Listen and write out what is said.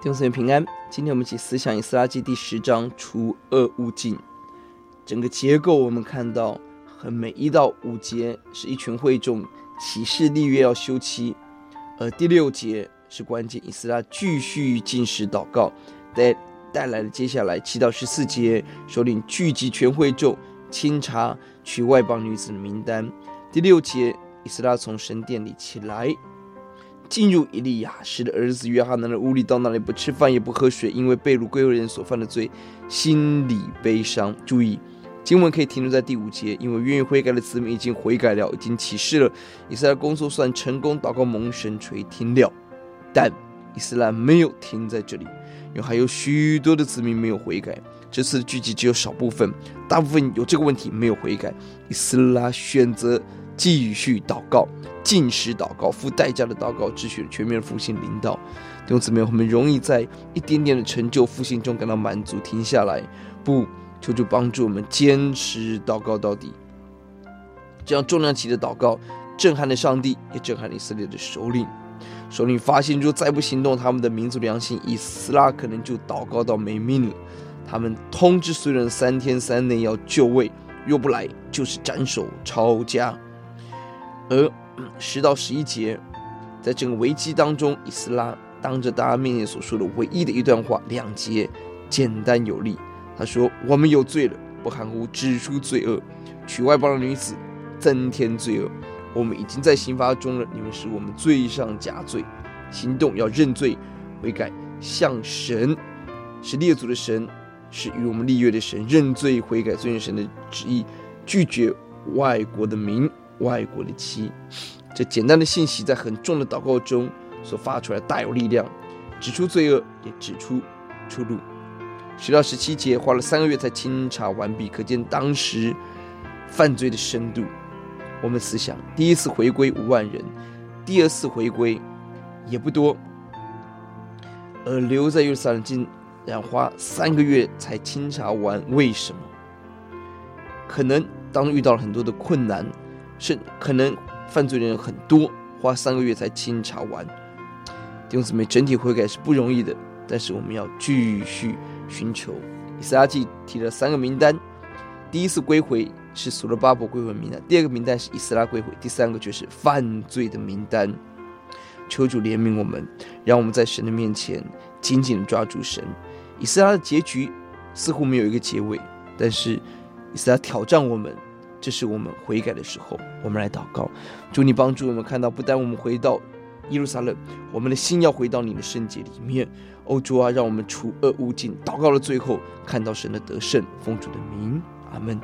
願所有人平安。今天我們一起思想《以斯拉記》第十章“除惡務盡”。整個結構我們看到，很，每一到五節是一群會眾起誓立約要休妻，而第六節是關鍵。以斯拉繼續禁食禱告，帶帶來了接下來七到十四節首領聚集全會眾，清查娶外邦女子的名單。第六節，以斯拉從神殿裡起來。進入以利亞實、兒子約哈難的屋裡，到那裡不吃飯也不喝水，因為被擄歸回人所犯的罪，心裡悲傷。注意，經文可以停留在第五節，因為願意悔改的子民已經悔改了，已經起誓了。以斯拉工作算成功，禱告蒙神垂聽了。但以斯拉沒有停在這裡，因為還有許多的子民沒有悔改。這次的聚集只有少部分，大部分有這個問題沒有悔改。以斯拉選擇。繼續禱告，禁食禱告，付代價的禱告，支取全面復興臨到。弟兄姊妹，我們容易在一點點的成就復興中感到滿足，停下來。不，求主幫助我們堅持禱告到底。這樣重量級的禱告，震撼了上帝，也震撼了以色列的首領。首領發現，若再不行動，他們的民族良心，以斯拉可能就禱告到沒命了。他們通知所有人三天之內要就位，若不來，就是斬首抄家。而、嗯、十到十一節，在整個危機當中，以斯拉當着大家面前所說的唯一的一段話，兩節簡單有力。他說：“我們有罪了，不含糊指出罪惡，娶外邦的女子，增添罪惡。我們已經在刑罰中了，你們使我們罪上加罪。行動要認罪悔改，向神，是列祖的神，是與我們立約的神，認罪悔改，遵循神的旨意，拒絕外國的民。”外邦的妻，這簡單的信息在很重的禱告中所發出來，大有力量，指出罪惡，也指出出路。十到十七節花了三個月才清查完畢，可見當時犯罪的深度。我們思想第一次回歸五萬人，第二次回歸也不多，而留在耶路撒冷的竟然花三個月才清查完，為什麼？可能當遇到了很多的困難。是可能犯罪的人很多，花三個月才清查完。弟兄姊妹，整體悔改，是不容易的，但是我們要繼續尋求。以斯拉記提了三個名單：第一次歸回是索羅巴伯歸回的名單，第二個名單是以斯拉歸回，第三個就是犯罪的名單。求主憐憫我們，讓我們在神的面前緊緊抓住神。以斯拉的結局似乎沒有一個結尾，但是以斯拉挑戰我們。這是我們悔改的時候，我們來禱告，主你幫助我們看到，不但我們回到耶路撒冷，我們的心要回到你的聖潔裡面。哦，主啊，讓我們除惡務盡。禱告了最後，看到神的得勝，奉主的名，阿門。